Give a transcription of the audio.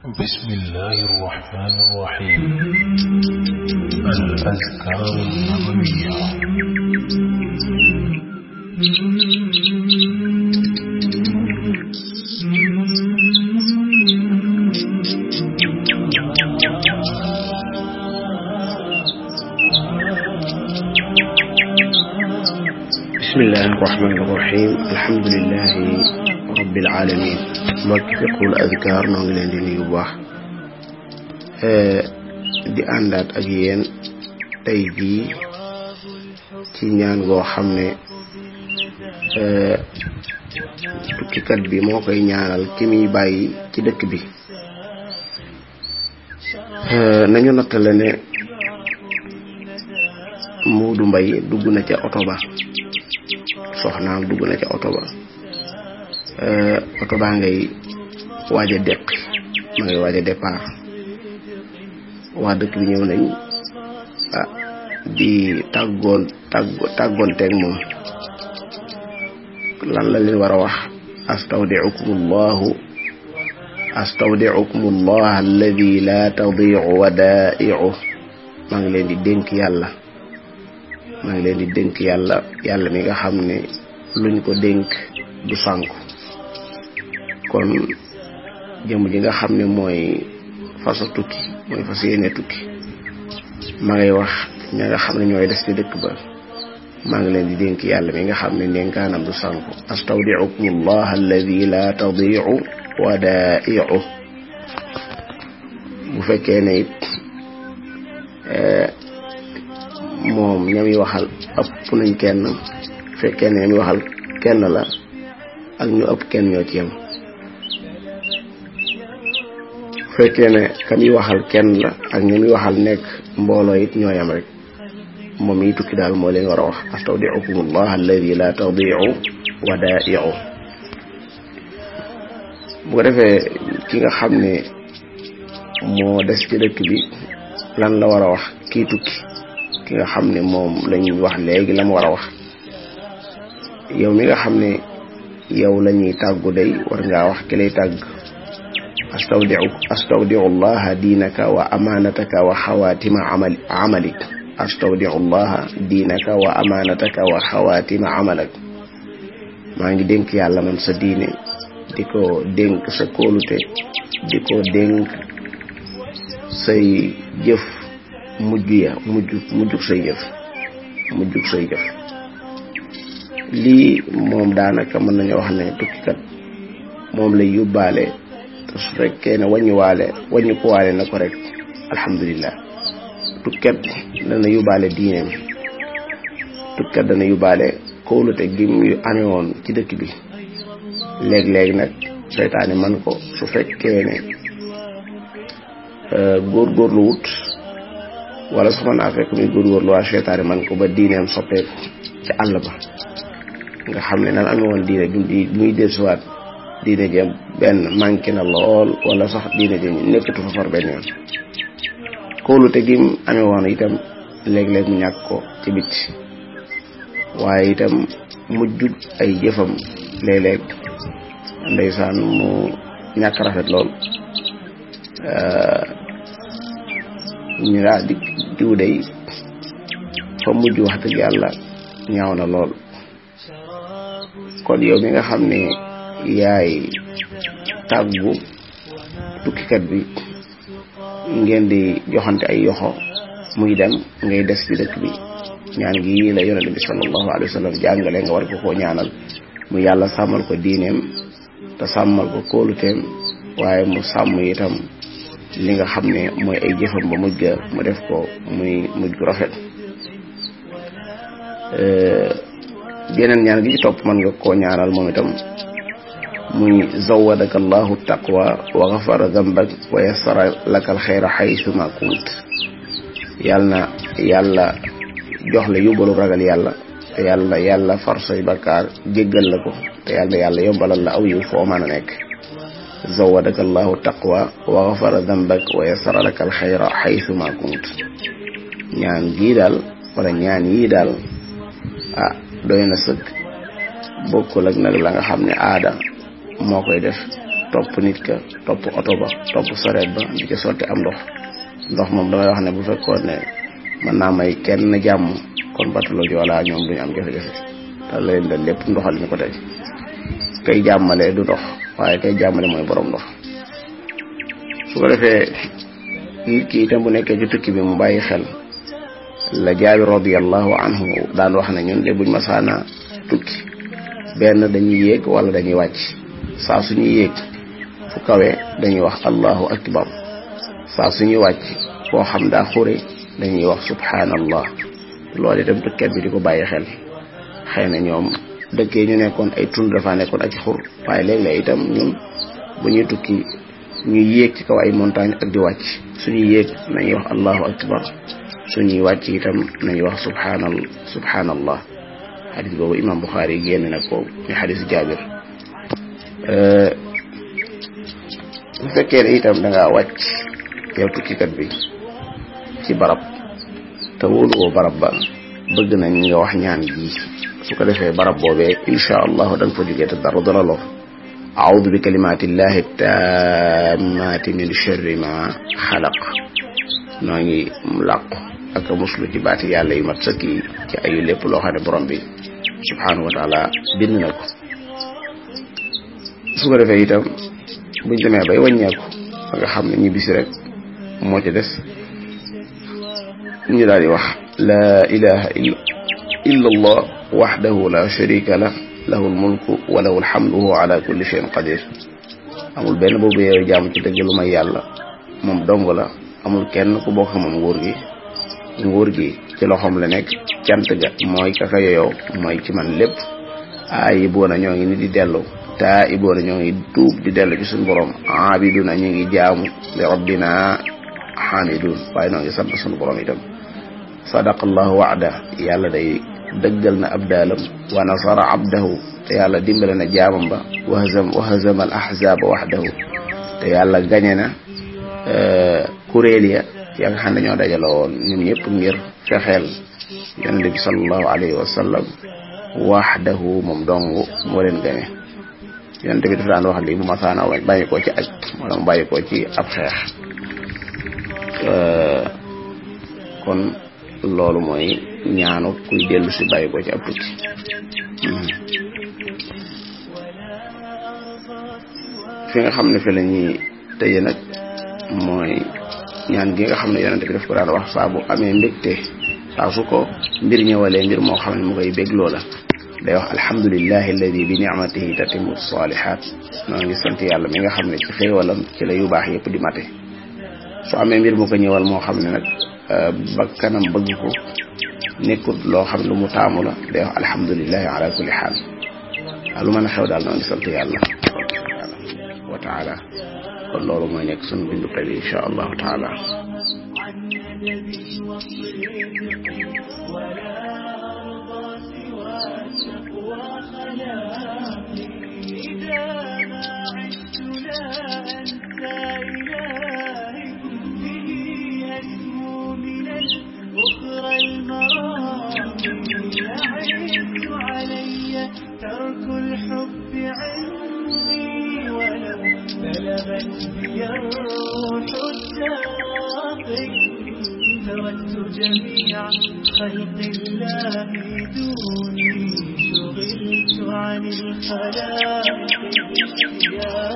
بسم الله الرحمن الرحيم الأذكار النبوية بسم الله الرحمن الرحيم الحمد لله رب العالمين mag fiqul azkar noo ngi leen di nuyu bu baax eh, di àndaat ak yéen tey jii ci ñaan woo xam ne eh, tukkikat bi moo koy ñaanal ki muy bàyyi ci dëkk bi eh, nañu nattale ne Moodu Mbay dugg na ca oto ba soxnaam dugg na ca oto ba Euh, oto baa ngay waaj a dekk ma ngay waaj départ waa dëkk bi ñëw nañ ah di tàggoon tàggo moom lan la leen war a wax astawdiukum allahu astawdiukum allah alladi la tadiu wadaiu maa ngi leen di dénk yàlla maa ngi leen di dénk yàlla yàlla mi nga xam ne luñ ko dénk du sànku kon jëmm ji nga xam ne mooy fasa tukki mooy fas yéene tukki maa ngi wax ña nga xam ne ñooy des ci dëkk ba maa ngi leen di dénk yàlla mi nga xam ne ndénkaanam du sànku astawdiukum allah alladi la tadiu wadaiu bu fekkee ne it eh, moom ñami waxal ëpp nañ kenn fekkee ne ñami waxal kenn la ak ñu ëpp kenn ñoo ci yem fekkee ne waxal kenn la ak ñi muy waxal nekk mbooloo it ñooyam rek moom yi tukki daal moo leen war a wax astawdiukum allah alladi la tadiu wadaiu bu ko defee ki nga xam ne moo des ci dëkk bi lan la war a wax kii tukki ki nga xam ne moom lañuy wax léegi la mu war a wax yow mi nga xam ne yow la ñuy tàggu day war ngaa wax ki lay tàgg astawdi'uka astawdi'u llaha diinaka wa amaanataka wa xawaatima amali amalik astawdi'u diinaka wa amaanataka wa xawaatima amalak maa ngi dénk yàlla man sa diine di ko dénk sa kóolute di ko dénk say jëf mujj ya mujj mujjug say jëf mujjug say lii moom daanaka mën nañu wax ne tukkikat moom lay yóbbaale su fekkee ne wàññiwaale wàññi ko waale na ko rek alhamdulilah tukket dana yóbbaale diineem tukket dana yóbbaale kóolute gim yu amee woon ci dëkk bi léeg-léeg nag seytaane man ko su fekkee ne euh, góorgóorlu wut wala su ma naa fekk muy góorgóorlu waa seytaane man ko ba diineem soppeeku ci àll ba nga xam ne nan amee woon diine bi muy dellusiwaat diine ja benn manqué na lool wala sax diine ja nekkatu fa far benn yoon kóolute gim amee woon itam léeg mu ñàkk ko ci waaye itam mujjug ay jëfam léeg-léeg ndeysaan mu ñàkk rafet lool ñu daa di diw day fa mujj wax dëgg yàlla ñaaw na lool kon yow mi nga xam ne yaay tàggu tukkikat bi ngeen di joxante ay yoxo muy dem ngay des ci dëkk bi ñaan gi la yonent bi sallallahu alayhi wa sallam jàngale nga war ko koo ñaanal mu yàlla sàmmal ko diineem te sàmmal ko kóoluteem waaye mu sàmm itam li nga xam ne mooy ay jëfam ba mujj ga mu def ko muy mujj gu rafet yeneen ñaan gi ci topp man nga koo ñaanal moom itam muy zawadaka allahu taqwa wa ghafara zambak wa yassara lakal xayra xaytu ma kunt yàll na yàlla jox la yóbbalu ragal yàlla te yàlla yàlla far say bakkaar jéggal la ko te yàlla yàlla yombalal la aw yiw foo mën a nekk zawadaka allahu taqwa wa ghafara zambak wa yassara lakal xayra xaytu ma kunt ñaan gii daal wala ñaan yii daal ah doy na sëkk bokkul ak nag la nga xam ne aada moo koy def topp nit ka topp oto ba topp sareet ba di ci sotti am ndox ndox moom damay wax ne bu fekkoon ne mën naa may kenn jàmm kon batalo joolaa ñoom duñu am jafe-jafe te leen da lépp ndoxal ñu ko teg kay jàmmale du ndox waaye kay jàmmale mooy borom ndox su ko defee nit ki bu nekkee ci tukki bi mu bàyyi xel la jaabi radiallahu anhu daan wax ne ñun de buñ masaana tukki benn dañuy yéeg wala dañuy wàcc saa suñuy yéeg fu kawee dañuy wax allahu akbar saa suñuy wàcc foo xam daa xure dañuy wax subhanallah loolu itam dëkkat bi di ko bàyyi xel xëy na ñoom dëkkee ñu nekkoon ay tund dafa nekkoon ak ci xur waaye léeg-léeg itam ñun bu ñuy tukki ñuy yéeg ci kaw ay montagne ak di wàcc suñuy yéeg nañuy wax allahu akbar suñuy wàcc itam nañuy wax subhanal subhanallah xadis boobu imam Buxaari génn na ko ci xadisu Jaabir bu fekkee ne itam da ngaa wàcc yow tukkikat bi ci barab te wóoluwoo barab ba bëgg nañ nga wax ñaan gi su ko defee barab boobee insha allahu da nga fa jógee te dara dara lor aoudu bi kalimatillahi tammati min sharri ma xalaq noo ngi làqu ak muslu ci baati yàlla yu ma sëkk ci ayu lépp loo xam ne borom bi subhanahu wa taala bind na su defee itam buñ demee bay wàññeeku ba xam ne rek moo ci des ñu daal di wax laa ilaha illa allah waxdahu la sharika la lahu amul benn boobu yeewu jaamu ci dëgg lu may yàlla moom dong la amul kenn ku bokk moom nguur gi nguur gi ci loxoom la nekk cant ga mooy kaka yoyow mooy ci man lépp ayi boona ñoo ngi ni di dellu taa'ibuuna ñoo ngi tuub di dellu ci suñu borom aabiduuna ñu ngi jaamu li rabbina xaamiduun waaye noo ngi sant suñu borom itam sadaqallahu waada yàlla day dëggal na ab daalam wa nasara abdahu te yàlla dimbale na jaamam ba wahazam wahazama al ahzaba waxdahu te yàlla gañe na eh, kuréel ya ya nga xam ne dajaloo woon ñun ñëpp ngir fexeel yonente bi sallallahu alayhi wa sallam moom dong moo leen gañe yonent bi dafa daan wax lii bu masaana bàyyi ko ci aj wala ci ab xeex loolu mooy ñaanu kuy dellu si ci ab tukki hmm. fi nga xam ne fi la ñuy nag mooy ñaan gi nga xam ne yonent bi daf ko daan wax saa amee mbégte saa su ko mbir ñëwalee mbir moo xam ne mu koy bég loola day wax alhamdulillahi alladi bi ni'matihi tatimu salihat maa ngi sant yàlla mi nga xam ne ci xéewalam ci la yu baax yëpp di mate su amee mbir mu ko ñëwal moo xam ne nag euh, ba kanam bëgg ko nekkut loo xam lu mu taamu la day wax alhamdulillahi ala kulli xaal waaw lu mën a xew daal noo ngi sant yàlla wa taala kon loolu mooy nekk sunu bindu tey bi incha allahu taala جميعا خلق الله دوني شغلت عن الخلائق